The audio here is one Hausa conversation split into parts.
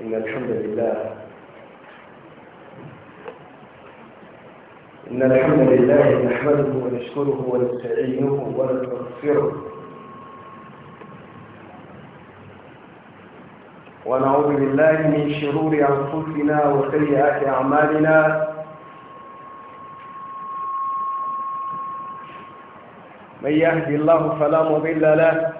إن الحمد لله إن الحمد لله نحمده ونشكره ونستعينه ونستغفره ونعوذ بالله من شرور أنفسنا وسيئات أعمالنا من يهدي الله فلا مضل له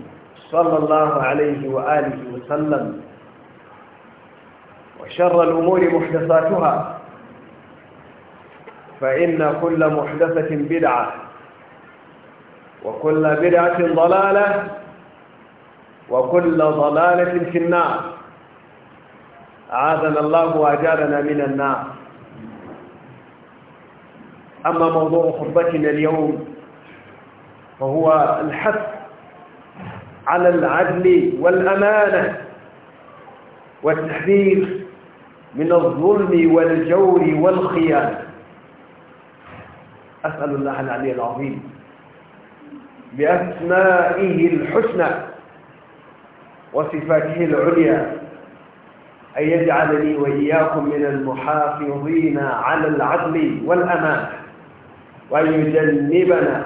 صلى الله عليه وآله وسلم وشر الأمور محدثاتها فإن كل محدثة بدعة وكل بدعة ضلالة وكل ضلالة في النار أعاذنا الله وأجارنا من النار أما موضوع خطبتنا اليوم فهو الحث على العدل والأمانة والتحذير من الظلم والجور والخيانة أسأل الله العلي العظيم بأسمائه الحسنى وصفاته العليا أن يجعلني وإياكم من المحافظين على العدل والأمانة وأن يجنبنا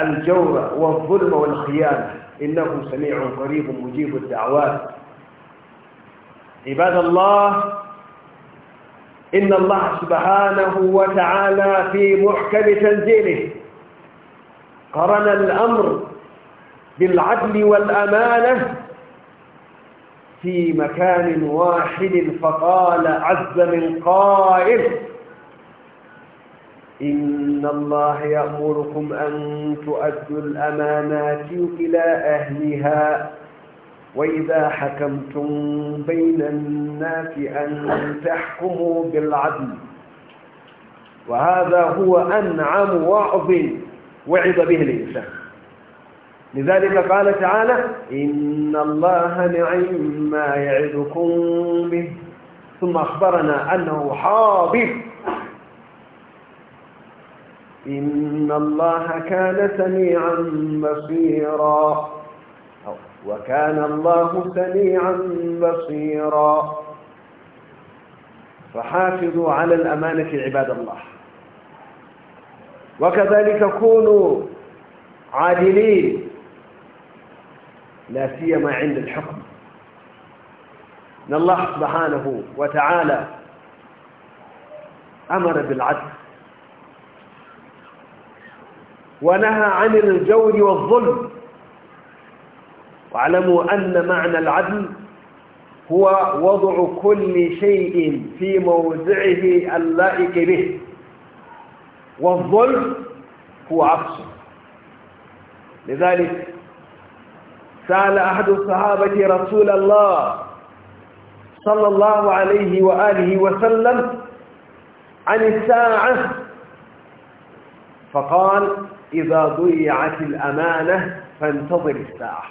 الجور والظلم والخيانة إنه سميع قريب مجيب الدعوات عباد الله إن الله سبحانه وتعالى في محكم تنزيله قرن الأمر بالعدل والأمانة في مكان واحد فقال عز من قائل إن الله يأمركم أن تؤدوا الأمانات إلى أهلها وإذا حكمتم بين الناس أن تحكموا بالعدل وهذا هو أنعم وعظ وعظ به الإنسان لذلك قال تعالى إن الله نعم ما يعدكم به ثم أخبرنا أنه حاضر إن الله كان سميعا بصيرا وكان الله سميعا بصيرا فحافظوا على الأمانة عباد الله وكذلك كونوا عادلين لا سيما عند الحكم ان الله سبحانه وتعالى امر بالعدل ونهى عن الجور والظلم واعلموا أن معنى العدل هو وضع كل شيء في موضعه اللائق به والظلم هو عكسه لذلك سأل أحد الصحابة رسول الله صلى الله عليه وآله وسلم عن الساعة فقال إذا ضيعت الأمانة فانتظر الساعة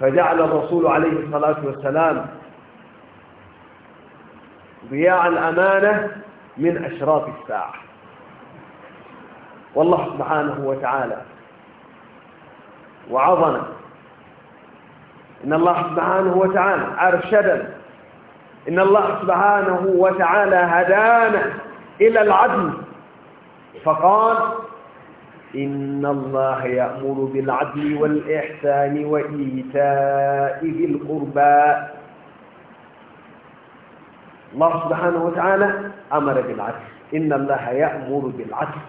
فجعل الرسول عليه الصلاة والسلام ضياع الأمانة من أشراط الساعة والله سبحانه وتعالى وعظنا إن الله سبحانه وتعالى أرشدنا إن الله سبحانه وتعالى هدانا إلى العدل فقال إن الله يأمر بالعدل والإحسان وإيتاء ذي القربى الله سبحانه وتعالى أمر بالعدل إن الله يأمر بالعدل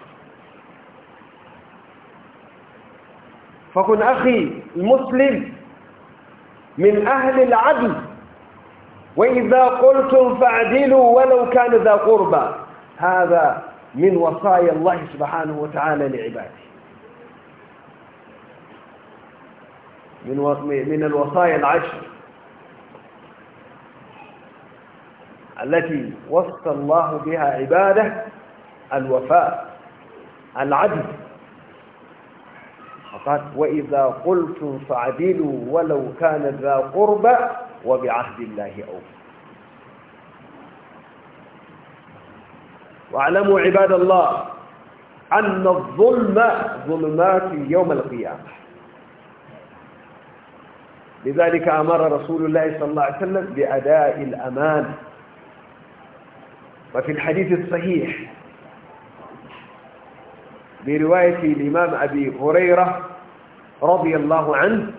فكن أخي المسلم من أهل العدل وإذا قلتم فاعدلوا ولو كان ذا قربى هذا من وصايا الله سبحانه وتعالى لعباده من من الوصايا العشر التي وصى الله بها عباده الوفاء العدل فقال وإذا قلتم فعدلوا ولو كان ذا قربى وبعهد الله أوفوا واعلموا عباد الله أن الظلم ظلمات يوم القيامة لذلك أمر رسول الله صلى الله عليه وسلم بأداء الأمان وفي الحديث الصحيح برواية الإمام أبي هريرة رضي الله عنه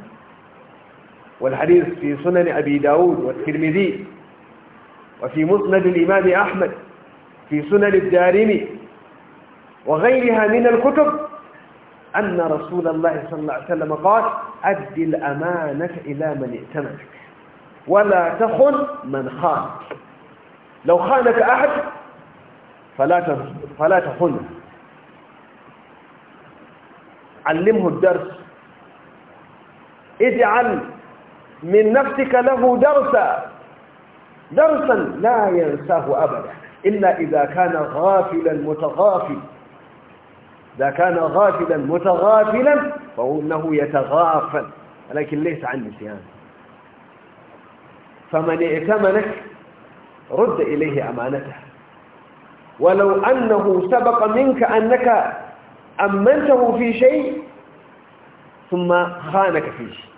والحديث في سنن أبي داود والترمذي وفي مسند الإمام أحمد في سنن الدارمي وغيرها من الكتب أن رسول الله صلى الله عليه وسلم قال أد الأمانة إلى من ائتمنك ولا تخن من خانك لو خانك أحد فلا فلا تخنه علمه الدرس اجعل من نفسك له درسا درسا لا ينساه أبدا إلا إذا كان غافلا متغافل إذا كان غافلا متغافلا فهو أنه يتغافل لكن ليس عن نسيان فمن ائتمنك رد إليه أمانته ولو أنه سبق منك أنك أمنته في شيء ثم خانك في شيء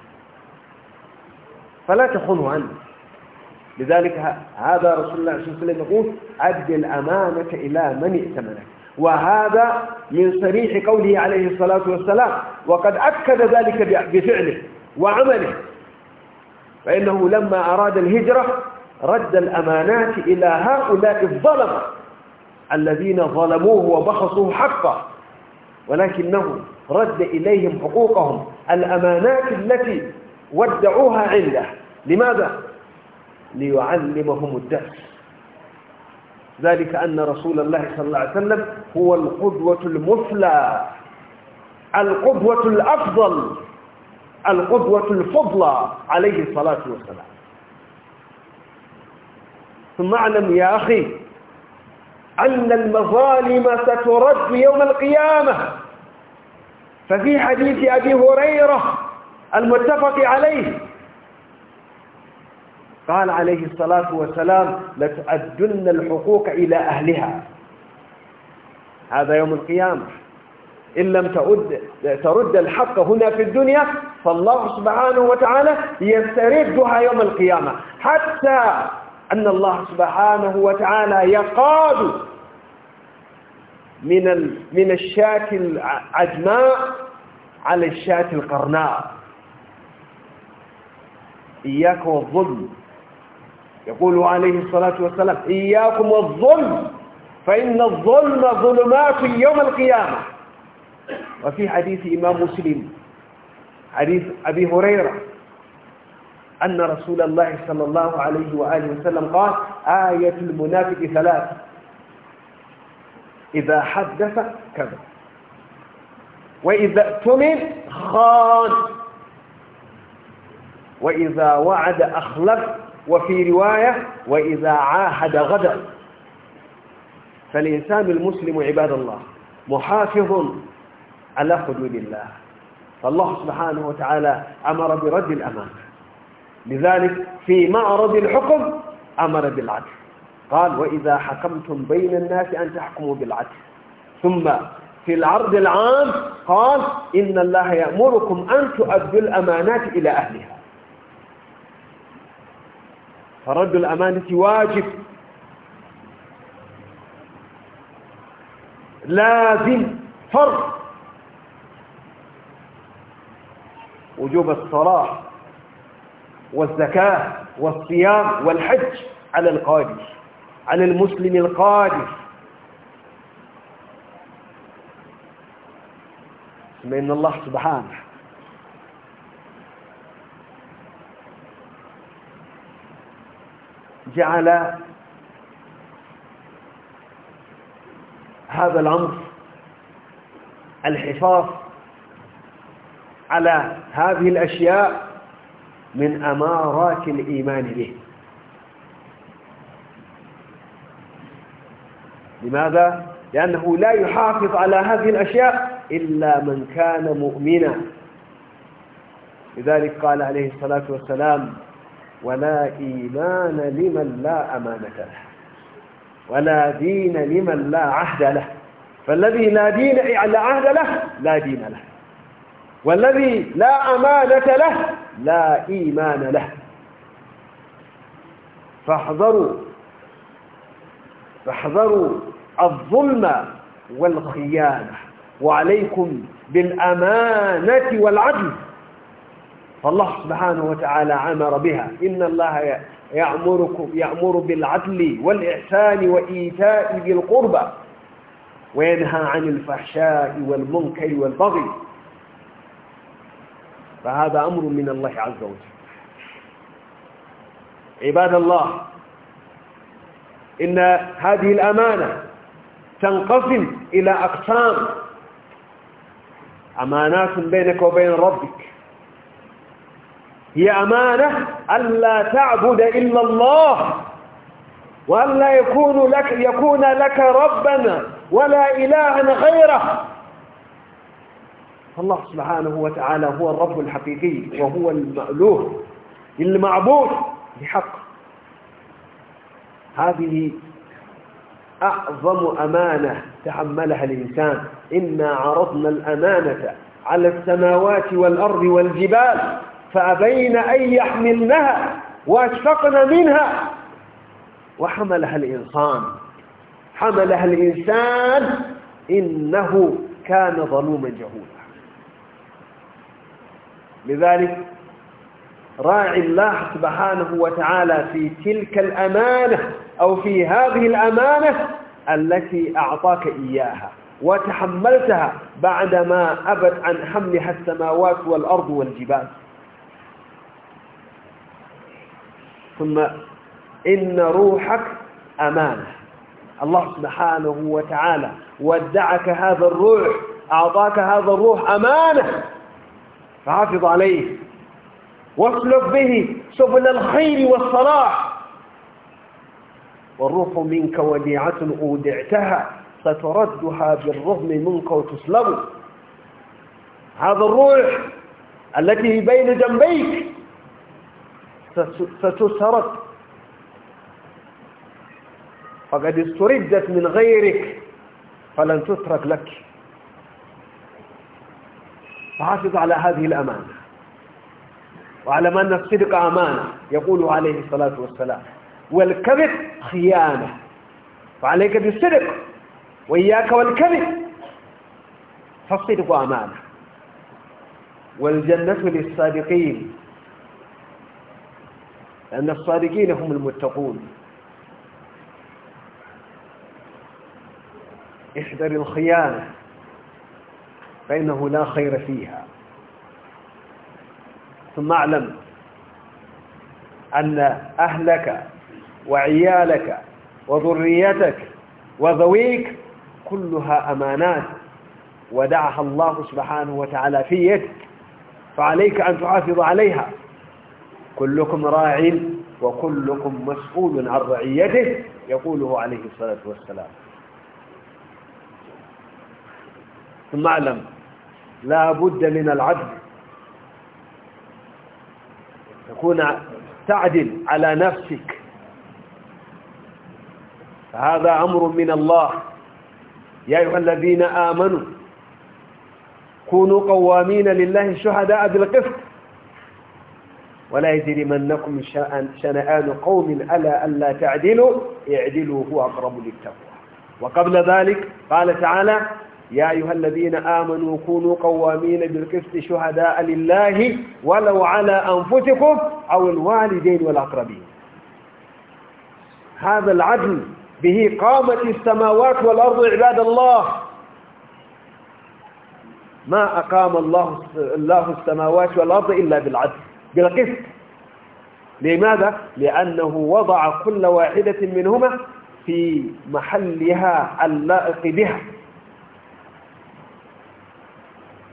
فلا تخنه عنه لذلك هذا رسول الله صلى الله عليه وسلم يقول أد الأمانة إلى من ائتمنك وهذا من صريح قوله عليه الصلاة والسلام وقد أكد ذلك بفعله وعمله فإنه لما أراد الهجرة رد الأمانات إلى هؤلاء الظلمة الذين ظلموه وبخصوه حقه ولكنه رد إليهم حقوقهم الأمانات التي ودعوها عنده لماذا؟ ليعلمهم الدرس ذلك أن رسول الله صلى الله عليه وسلم هو القدوة المثلى القدوة الأفضل القدوة الفضلى عليه الصلاة والسلام ثم اعلم يا أخي أن المظالم سترد يوم القيامة ففي حديث أبي هريرة المتفق عليه قال عليه الصلاة والسلام لتؤدن الحقوق إلى أهلها هذا يوم القيامة إن لم تعد ترد الحق هنا في الدنيا فالله سبحانه وتعالى يستردها يوم القيامة حتى أن الله سبحانه وتعالى يقاد من من الشاة العجماء على الشاة القرناء إياك والظلم يقول عليه الصلاة والسلام إياكم والظلم فإن الظلم ظلمات يوم القيامة وفي حديث إمام مسلم حديث أبي هريرة أن رسول الله صلى الله عليه وآله وسلم قال آية المنافق ثلاث إذا حدث كذا وإذا اؤتمن خان وإذا وعد أخلف وفي رواية وإذا عاهد غدا فالإنسان المسلم عباد الله محافظ على حدود الله فالله سبحانه وتعالى أمر برد الأمانة لذلك في معرض الحكم أمر بالعدل قال وإذا حكمتم بين الناس أن تحكموا بالعدل ثم في العرض العام قال إن الله يأمركم أن تؤدوا الأمانات إلى أهلها فرد الأمانة واجب لازم فرض وجوب الصلاة والزكاة والصيام والحج على القادر على المسلم القادر من الله سبحانه جعل هذا الأمر الحفاظ على هذه الأشياء من أمارات الإيمان به لماذا؟ لأنه لا يحافظ على هذه الأشياء إلا من كان مؤمنا لذلك قال عليه الصلاة والسلام ولا إيمان لمن لا أمانة له ولا دين لمن لا عهد له فالذي لا دين لا عهد له لا دين له والذي لا أمانة له لا إيمان له فاحذروا فاحذروا الظلم والخيانة وعليكم بالأمانة والعدل فالله سبحانه وتعالى عمر بها إن الله يأمركم يأمر بالعدل والإحسان وإيتاء ذي القربى وينهى عن الفحشاء والمنكر والبغي فهذا أمر من الله عز وجل عباد الله إن هذه الأمانة تنقسم إلى أقسام أمانات بينك وبين ربك هي أمانة ألا تعبد إلا الله وألا يكون لك, يكون لك ربا ولا إلها غيره الله سبحانه وتعالى هو الرب الحقيقي وهو المألوه المعبود بحق هذه أعظم أمانة تحملها الإنسان إنا عرضنا الأمانة على السماوات والأرض والجبال فأبين أن يحملنها وأشفقن منها وحملها الإنسان حملها الإنسان إنه كان ظلوما جهولا لذلك راعي الله سبحانه وتعالى في تلك الأمانة أو في هذه الأمانة التي أعطاك إياها وتحملتها بعدما أبت عن حملها السماوات والأرض والجبال ثم إن روحك أمانة الله سبحانه وتعالى ودعك هذا الروح أعطاك هذا الروح أمانة فحافظ عليه واسلك به سبل الخير والصلاح والروح منك وديعة أودعتها ستردها بالرغم منك وتسلم هذا الروح التي بين جنبيك ستسرق فقد استردت من غيرك فلن تترك لك فحافظ على هذه الأمانة ما أن الصدق أمانة يقول عليه الصلاة والسلام والكذب خيانة فعليك بالصدق وإياك والكذب فالصدق أمانة والجنة للصادقين لأن الصادقين هم المتقون احذر الخيانة فإنه لا خير فيها ثم اعلم أن أهلك وعيالك وذريتك وذويك كلها أمانات ودعها الله سبحانه وتعالى في يدك فعليك أن تحافظ عليها كلكم راع وكلكم مسؤول عن رعيته يقوله عليه الصلاة والسلام ثم اعلم لا بد من العدل تكون تعدل على نفسك فهذا أمر من الله يا أيها الذين آمنوا كونوا قوامين لله شهداء بالقسط ولا يجرمنكم شنآن قوم ألا ألا تعدلوا اعدلوا هو أقرب للتقوى وقبل ذلك قال تعالى يا أيها الذين آمنوا كونوا قوامين بالقسط شهداء لله ولو على أنفسكم أو الوالدين والأقربين هذا العدل به قامت السماوات والأرض عباد الله ما أقام الله الله السماوات والأرض إلا بالعدل بالقسط لماذا؟ لأنه وضع كل واحدة منهما في محلها اللائق بها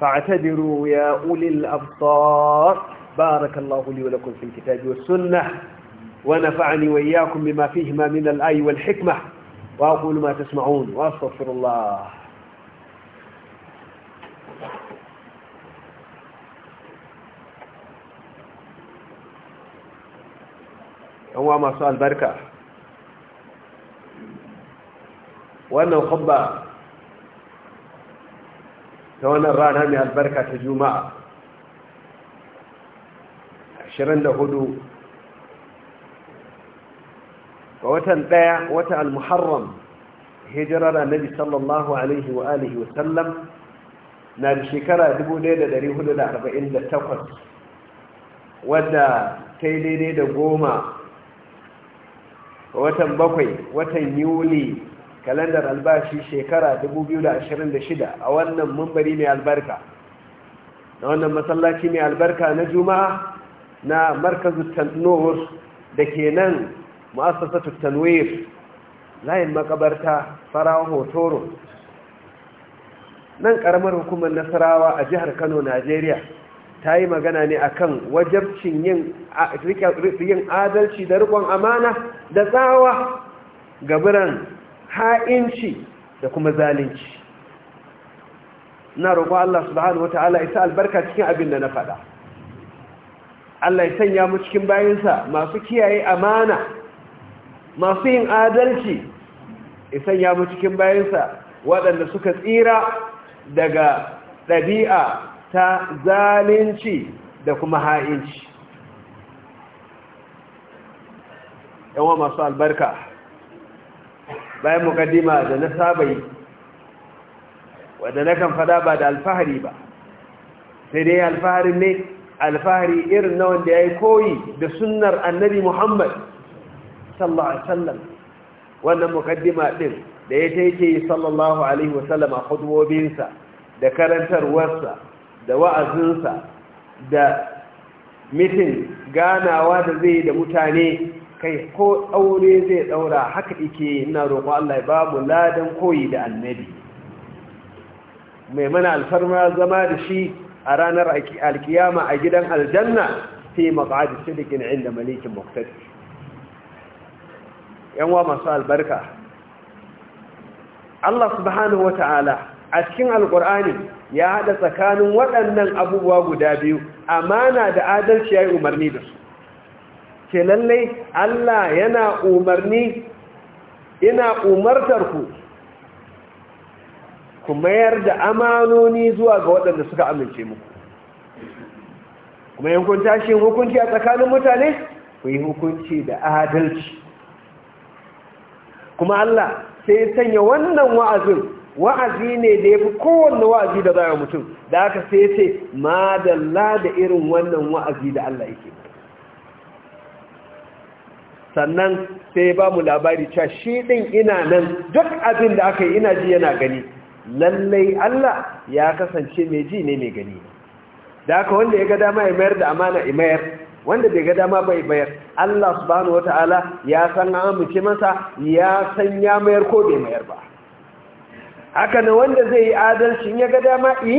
فاعتبروا يا أولي الأبصار بارك الله لي ولكم في الكتاب والسنة ونفعني وإياكم بما فيهما من الآي والحكمة وأقول ما تسمعون وأستغفر الله yanwa masu albarka wannan hubba ta wannan rana mai albarka ta juma'a 24 ga watan ɗaya wata al-muharram hijirar annabi sallallahu alaihi wa alihi wa sallam na da shekara 1448 wadda ta yi daidai da goma watan bakwai watan yuli kalandar albashi shekara 2026 a wannan mumbari mai albarka na wannan masallaci mai albarka na juma'a na markazu tanur da ke nan ma'asasa tanwir layin makabarta farawa hotoro nan karamar hukumar nasarawa a jihar kano najeriya ta yi magana ne akan wajabcin yin adalci da rikon amana da tsawa gaburan ha'inci da kuma zalunci na roƙo Allah subhanahu wa ta'ala isa albarka cikin abin da na faɗa Allah ya sanya mu cikin bayansa masu kiyaye amana masu yin adalci ya sanya mu cikin bayansa waɗanda suka tsira daga ɗabi'a ta zalunci da kuma ha'inci yawa masu albarka bayan mukaddima da na saba yi wadda na kan fada ba da alfahari ba sai dai alfahari ne alfahari irin na wanda ya yi koyi da sunnar annabi muhammad sallallahu alaihi wasallam wannan mukaddima din da ya taike sallallahu alaihi wasallam a hudubobinsa da karantarwarsa da wa'azinsa da mitin ganawa da zai da mutane kai ko aure zai daura haka ike ina roƙo Allah ya ba mu ladan koyi da annabi mai mana alfarma zama da shi a ranar alkiyama a gidan aljanna sai maqadi sidikin inda malikin muqtadi yan wa masu albarka Allah subhanahu wata'ala a cikin alqur'ani ya hada tsakanin waɗannan abubuwa guda biyu amana da adalci yayi umarni da su ke lallai Allah yana umarni ina umartar ku ku mayar da amanoni zuwa ga waɗanda suka amince muku kuma yankun tashi hukunci a tsakanin mutane ku yi hukunci da adalci kuma Allah sai sanya wannan wa'azin wa'azi ne da ya fi kowanne wa'azi da a mutum da aka sai sai ma da irin wannan wa'azi da Allah yake ba sannan sai ba mu labari cewa shi ɗin ina nan duk abin da aka yi ina ji yana gani lallai Allah ya kasance mai ji ne mai gani da aka wanda ya ga dama ya mayar da amana ya mayar wanda bai ga dama bai mayar, Allah subhanahu wataala ya san an amince masa ya san ya mayar ko bai mayar ba haka ne wanda zai yi adalci ya ga dama yi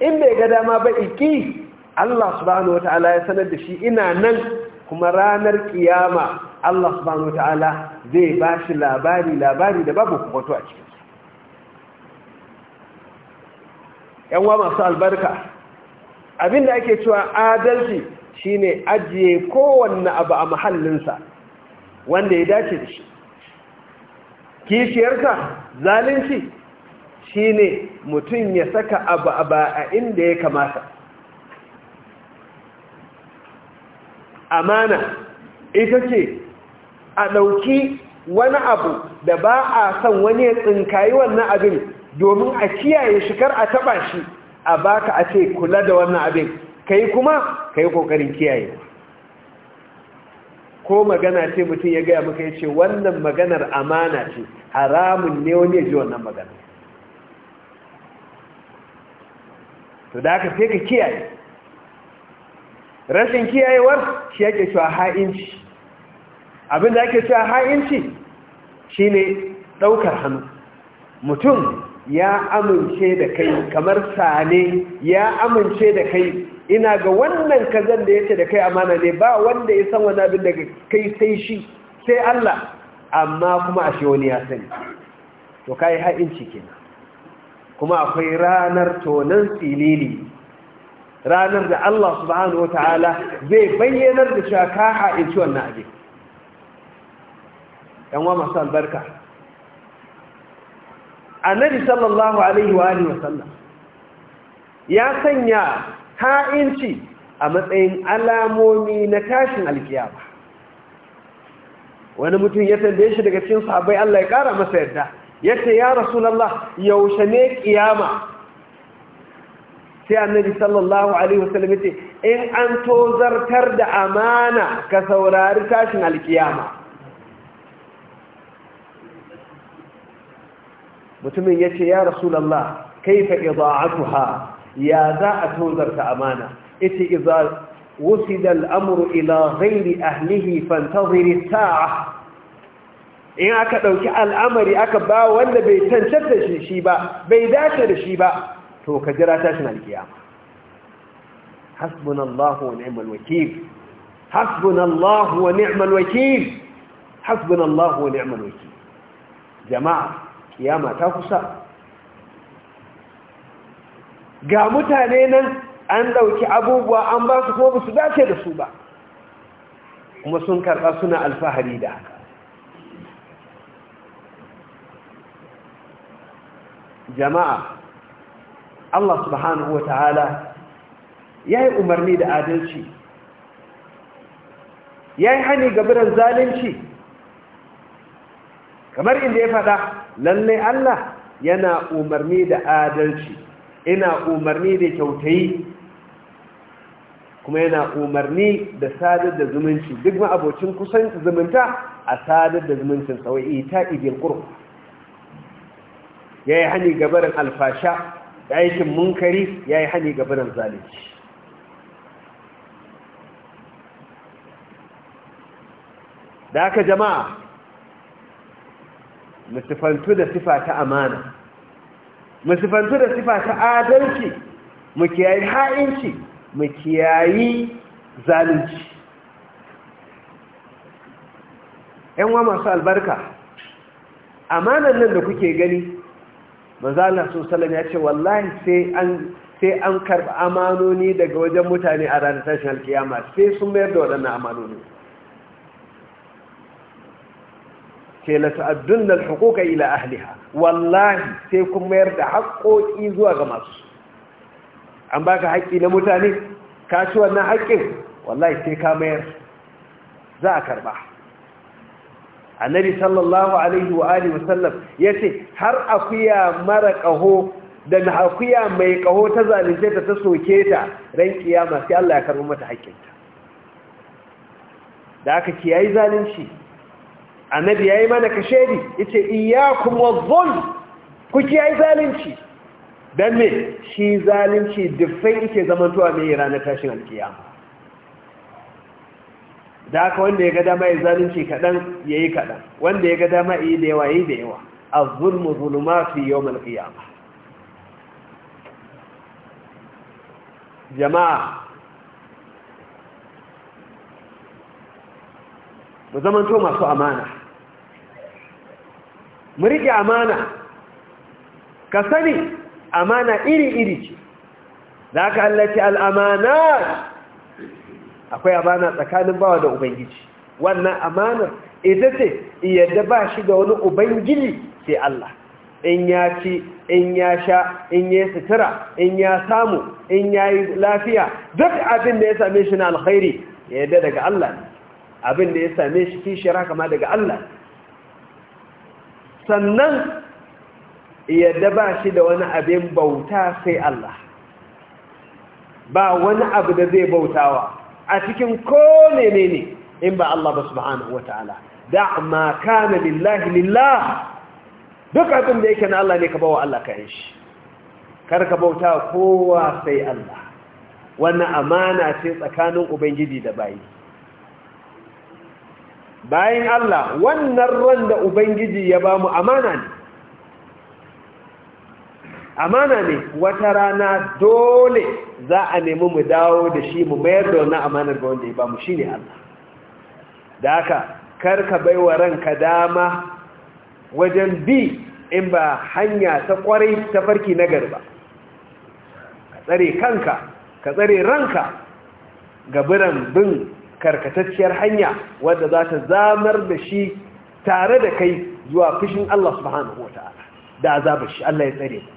in bai ga dama ba iki Allah subhanahu wataala ya sanar da shi ina nan kuma ranar kiyama Allah subhanahu wataala zai ba shi labari labari da babu kwato a cikin yan wa masu albarka Abin da ake cewa adalci shine ajiye kowanne abu a mahallinsa wanda ya dace da shi kishiyarka zalunci shine mutum ya saka abu a ba a inda ya kamata amana ita ce a ɗauki wani abu da ba a san wani ya tsinkayi wannan abin domin a kiyaye shi kar a taɓa shi a baka a ce kula da wannan abin kai kuma kai kokarin kiyaye ko magana ce mutum ya gaya maka ya ce wannan maganar amana ce haramun ne wani ya ji wannan maganar? to da aka sai ka kiyaye rashin kiyayewar shi yake cewa ha'inci da ake cewa ha'inci shine ɗaukar hannu mutum ya amince da kai kamar sane ya amince da kai ina ga wannan kazan da yace da kai amana ne ba wanda ya san wani abin daga kai sai shi sai Allah amma kuma ashe wani ya sani to kai ha'inci kenan kuma akwai ranar tonan tsilili ranar da Allah subhanahu wata'ala zai bayyanar da shakaha in ci wannan abin yan wa masu albarka annabi sallallahu alaihi wa alihi wasallam ya sanya ha'inci a matsayin alamomi na tashin alkiyama wani mutum ya tambaye shi daga cikin sahabbai Allah ya kara masa yadda yace ya rasulullah yaushe ne kiyama sai annabi sallallahu alaihi wasallam yace in an tozartar da amana ka saurari tashin alkiyama mutumin yace ya rasulullah kaifa ida'atuha ya za a tozarta amana ita idza wusida al-amru ila ghairi ahlihi fantazir as-sa'a in aka dauki al'amari aka ba wanda bai tantance shi ba bai dace da shi ba to ka jira tashin alkiyama hasbunallahu wa ni'mal wakil hasbunallahu wa ni'mal wakil hasbunallahu wa ni'mal wakil jama'a kiyama ta kusa ga mutane nan an dauki abubuwa an ba su kuma ba su dace da su ba kuma sun karɓa suna alfahari da haka jama'a Allah subhanahu wa ta'ala ya yi umarni da adalci ya yi hani gabiran zalunci kamar inda ya faɗa lalle Allah yana umarni da adalci ina umarni da kyautayi kuma yana umarni da sadar da zumunci duk ma ma'abocin kusan zumunta a sadar da zumuncin tsawai ta ibin ƙurku ya yi hani gabarin alfasha aikin munkari ya yi hani ga birnin zalunci da aka jama'a musifantu da sifa ta amana musifantu da sifa ta adalci mu kiyayi ha'inci mu kiyayi zalunci ‘yan wa masu albarka amanan nan da kuke gani manzo Allah sallallahu ya ce wallahi sai an an karba amanoni daga wajen mutane a ranar tashin alkiyama sai sun mayar da waɗannan amanoni ke la ta'addunna al ila ahliha wallahi sai kun mayar da haƙoƙi zuwa ga masu an baka haƙƙi na mutane ka ci wannan haƙƙin wallahi sai ka mayar za a karba annabi sallallahu alaihi wa alihi wasallam yace har akuya mara kaho da akuya mai kaho ta zalunce ta ta soke ta ran kiyama sai Allah ya karbi mata hakkinta da aka kiyayi zalunci annabi yayi mana kashedi yace iyyakum wadh-dhulm ku kiyayi zalunci dan me shi zalunci dufai yake zamantowa mai ranar tashin alkiyama da haka wanda ya ga dama ya zalunci kaɗan ya yi kaɗan wanda ya ga dama ya yi da yawa ya yi da yawa a zulmu zulma fi yau malƙiyama jama'a mu to masu amana mu riƙe amana ka sani amana iri-iri ce da ka hallace al'amanar. akwai amana tsakanin bawa da ubangiji wannan amanar ita ce yadda ba shi da wani ubangiji sai Allah in ya ci in ya sha in ya sutura in ya samu in ya yi lafiya duk abin da ya same shi na alkhairi yadda daga Allah abin da ya same shi kishira kama daga Allah sannan yadda ba shi da wani abin bauta sai Allah ba wani abu da zai bautawa a cikin ko menene in ba Allah ba subhanahu wata'ala da ma kana lillahi lillah duk abin da yake na Allah ne ka bawa Allah ka shi kar ka bauta kowa sai Allah wannan amana ce tsakanin ubangiji da bayi bayin Allah wannan ran da ubangiji ya bamu amana ne amana ne wata rana dole za a nemi mu dawo da shi mu mayar da wannan amanar ga wanda ya ba mu shi ne Allah da haka kar ka wa ranka dama wajen bi in ba hanya ta kwarai ta farki na garba ka tsare kanka ka tsare ranka ga biran bin karkatacciyar hanya wadda za ta zamar da shi tare da kai zuwa fushin Allah subhanahu wa ta'ala da azabar shi Allah ya tsare mu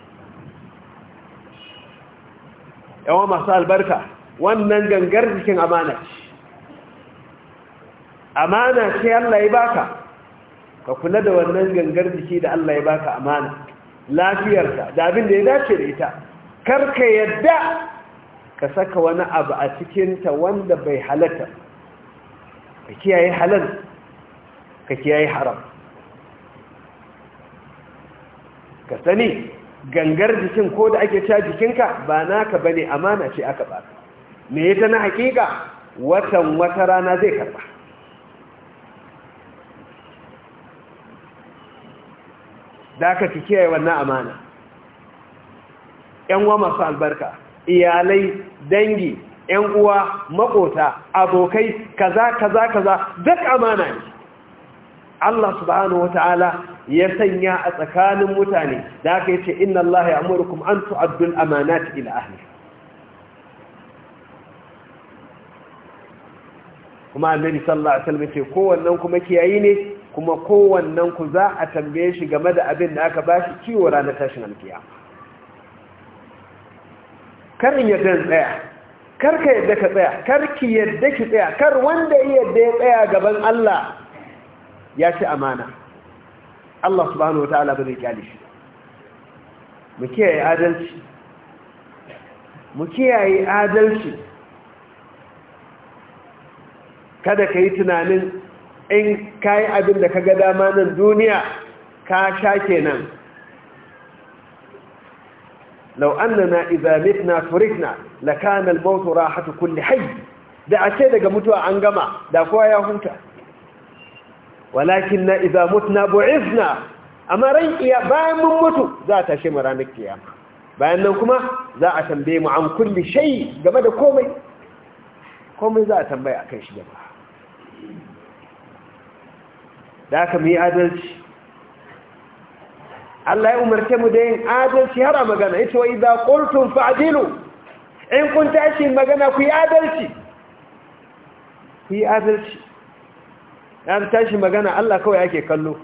yawan masu albarka wannan gangar jikin amana ce amana ce Allah ya baka ka kula da wannan gangar jiki da Allah ya baka amana lafiyarta da abin da ya dace da ita kar ka yadda ka saka wani abu a cikinta wanda bai halatta ka kiyaye halal ka kiyaye haram ka sani gangar jikin ko da ake ca jikinka ba naka bane amana ce aka ba me ya ta na hakika watan wata rana zai karba da aka fi kiyaye wannan amana yan Wamasu masu albarka iyalai dangi yan uwa makota abokai kaza kaza kaza duk amana ne Allah subhanahu wataala ya sanya a tsakanin mutane da aka yace inna Allah ya'murukum an tu'addu al-amanat ila ahli kuma annabi sallallahu alaihi wasallam yace kowannan kuma kiyayi ne kuma kowannan ku za a tambaye shi game da abin da aka bashi ciwo ranar tashin alkiyama karin ya dan tsaya karka yadda ka tsaya karki yadda ki tsaya kar wanda yadda ya tsaya gaban Allah ya ci amana Allah subhanahu wataala ba zai kyale shi mu kiyaye adalci mu kiyaye adalci kada ka yi tunanin in ka yi abin da ka ga dama nan duniya ka sha kenan lau annana idza mitna furikna lakana al-mawt rahatu kulli hayy da ace daga mutuwa an gama da kowa ya huta walakin na idza mutna bu'izna amma ran iya bayan mun mutu za a tashe mu ranar kiyama bayan nan kuma za a tambaye mu an kulli shay game da komai komai za a tambaya akan shi jama'a da aka mu yi adalci Allah ya umarce mu da yin adalci har a magana ita wa idza qultum fa'dilu in kun tashi magana ku yi adalci ku yi adalci an tashi magana Allah kawai ake kallo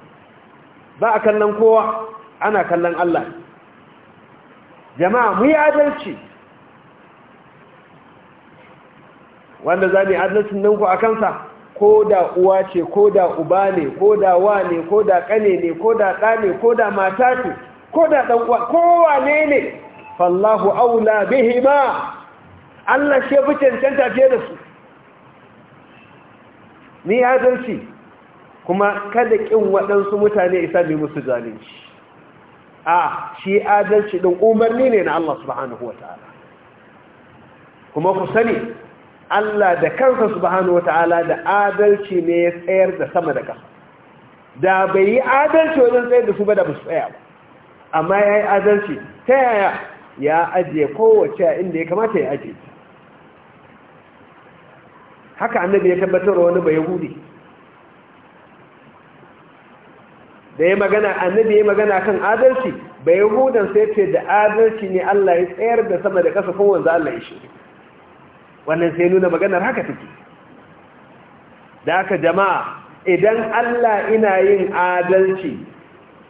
ba a kallon kowa ana kallon Allah jama'a mu adalci wanda za mu yi adalcin nan ku a kansa ko da uwa ce ko da uba ne ko da wa ne ko da kane ne ko da ɗa ne ko da mata ce ko da uwa, kowa ne ne fallahu aula bihi ma Allah shi fi cancanta fiye da su ni adalci kuma kada ƙin waɗansu mutane isa mai musu zalunci a shi adalci ɗin umarni ne na Allah subhanahu wa ta'ala kuma ku sani Allah da kansa subhanahu wa ta'ala da adalci ne ya tsayar da sama da ƙasa da bai yi adalci wajen tsayar da su ba da ba su tsaya ba amma ya yi adalci ta yaya ya ajiye kowace inda ya kamata ya ajiye haka annabi ya tabbatar wani ba yahudi da ya magana annabi ya magana kan adalci ba yahudan sai ce da adalci ne Allah ya tsayar da sama da kasa kowa za Allah ya shirya wannan sai nuna maganar haka take da haka jama'a idan Allah ina yin adalci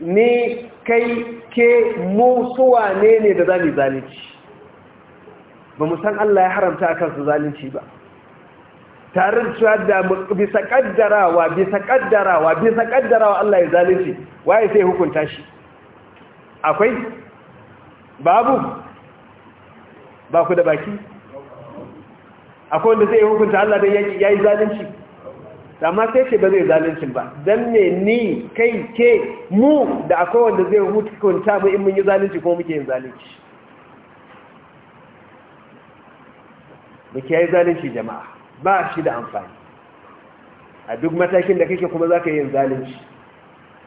ni kai ke mu suwa ne ne da zami zalunci ba mu san Allah ya haramta akan su zalunci ba tare da cewa da bisa kaddarawa bisa kaddarawa bisa kaddarawa Allah ya zalunci waye sai hukunta shi akwai babu ba ku da baki akwai wanda sai hukunta Allah don ya yi zalunci amma sai ce ba zai zaluncin ba don ne ni kai ke mu da akwai wanda zai hukunta mu in mun yi zalunci ko muke yin zalunci muke yi zalunci jama'a ba shi da amfani a duk matakin da kake kuma za ka yi zalunci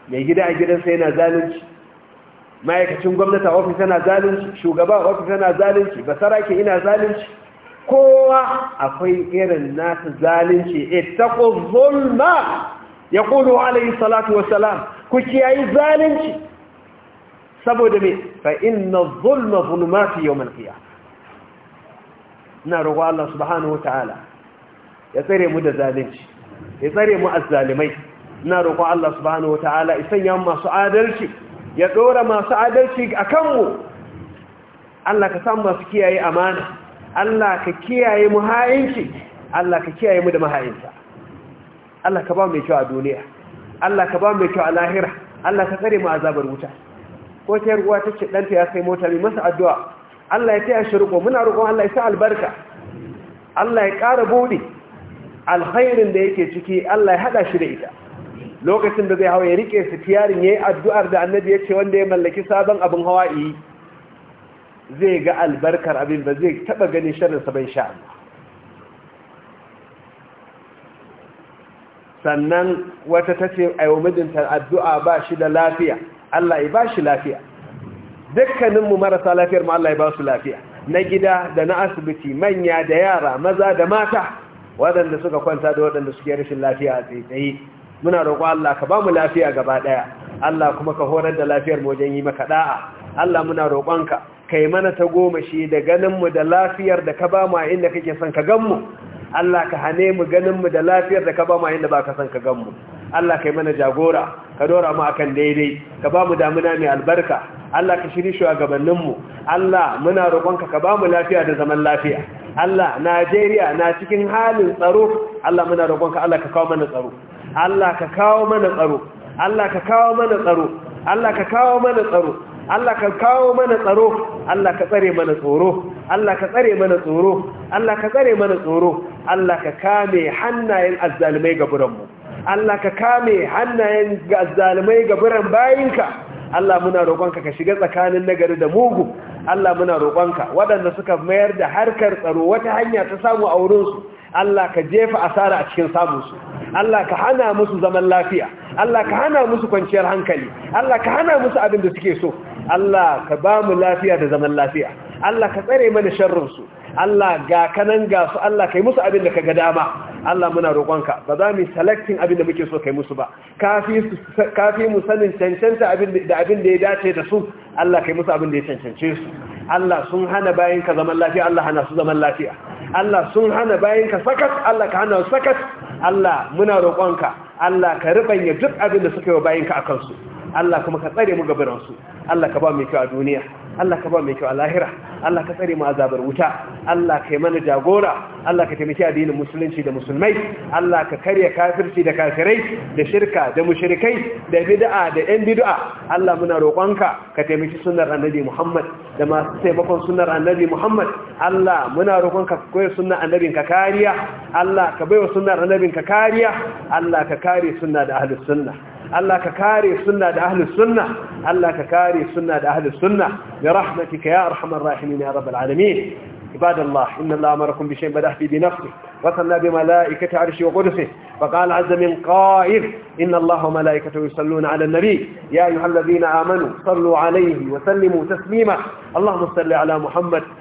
mai gida a gidansa yana zalunci ma'aikacin gwamnati a ofis yana zalunci shugaba a ofis yana zalunci Ba sarake ina zalunci kowa akwai irin nasu zalunci ku zulma yaqulu alayhi salatu wassalam ku kiyayi zalunci saboda me fa inna zulma zulmati yawm al-qiyamah na roƙo Allah subhanahu ta'ala. ya tsare mu da zalunci ya tsare mu zalimai ina roƙon Allah subhanahu wataala ya sanya masu adalci ya dora masu adalci a kanmu Allah ka san masu kiyaye amana Allah ka kiyaye mu ha'inci Allah ka kiyaye mu da maha'inta Allah ka ba mai kyau a duniya Allah ka ba mai kyau a lahira Allah ka tsare mu azabar wuta ko ta ruwa ta ce ɗanta ya sai mota mai masa addu'a Allah ya taya shirko muna roƙon Allah ya sa albarka Allah ya ƙara bude. alkhairin da yake ciki Allah ya hada shi da ita lokacin da zai hawa ya rike sitiyarin yayi addu'ar da annabi ya ce wanda ya mallaki sabon abin hawa'i zai ga albarkar abin ba zai taba ganin sharrin sa ban sha sannan wata tace ayo mijinta addu'a ba shi da lafiya Allah ya ba shi lafiya dukkaninmu marasa lafiyar mu Allah ya ba su lafiya na gida da na asibiti manya da yara maza da mata waɗanda suka kwanta da waɗanda suke rashin lafiya a tsaye muna roƙo Allah ka ba mu lafiya gaba ɗaya Allah kuma ka horar da lafiyar mu wajen yi maka da'a Allah muna roƙonka kai mana ta goma shi da ganin da lafiyar da ka ba mu a inda kake son ka gan mu Allah ka hane mu ganin da lafiyar da ka ba mu a inda ba ka son ka gan mu Allah kai mana jagora ka dora mu akan daidai ka ba mu damuna mai albarka Allah ka shiri mu Allah muna roƙonka ka ba mu lafiya da zaman lafiya Allah Najeriya na cikin halin tsaro Allah muna roƙonka Allah ka kawo mana tsaro Allah ka kawo mana tsaro Allah ka kawo mana tsaro Allah ka kawo mana tsaro Allah ka kawo mana tsaro Allah ka tsare mana tsoro Allah ka tsare mana tsoro Allah ka tsare mana tsoro Allah ka kame hannayen azzalumai ga buranmu Allah ka kame hannayen azzalumai ga buran bayinka Allah muna roƙonka ka shiga tsakanin nagari da mugu Allah muna roƙonka waɗanda suka mayar da harkar tsaro wata hanya ta samu a wurinsu Allah ka jefa asara a cikin samunsu Allah ka hana musu zaman lafiya Allah ka hana musu kwanciyar hankali Allah ka hana musu abin da suke so Allah ka ba mu lafiya da zaman lafiya Allah ka tsare mana sharrinsu Allah ga kanan ga su Allah kai musu abin da ka ga dama Allah muna roƙonka ba za mu selecting abin da muke so kai musu ba kafi kafi mu sanin cancanta abin da abin da ya dace da su Allah kai musu abin da ya cancance su Allah sun hana bayan ka zaman lafiya Allah hana su zaman lafiya Allah sun hana bayan ka sakat Allah ka hana su sakat Allah muna roƙonka Allah ka rubanya duk abin da suka yi wa bayan ka akan su Allah kuma ka tsare mu gabaransu Allah ka ba mu kyau a duniya Allah ka ba mu kyau a lahira Allah ka tsare mu azabar wuta Allah ka yi mana jagora Allah ka taimaki addinin musulunci da musulmai Allah ka karya kafirci da kafirai da shirka da mushirikai da bid'a da yan bid'a Allah muna roƙonka ka taimaki sunnar annabi Muhammad da masu taimakon sunnar annabi Muhammad Allah muna roƙonka ka koyi sunnar annabin ka kariya Allah ka baiwa sunnar annabin ka kariya Allah ka kare sunna da ahlus sunna Allah ka kare sunna da ahli sunna Allah ka kare sunna da ahli sunna bi rahmatika ya arhamar rahimin ya rabbal ibadallah inna Allah amarakum bi shay'in badah fi dinafsi wa sanna wa qudsi wa qala azza min qa'id inna Allah wa nabi ya ayyuhalladhina amanu sallu 'alayhi wa sallimu taslima salli 'ala Muhammad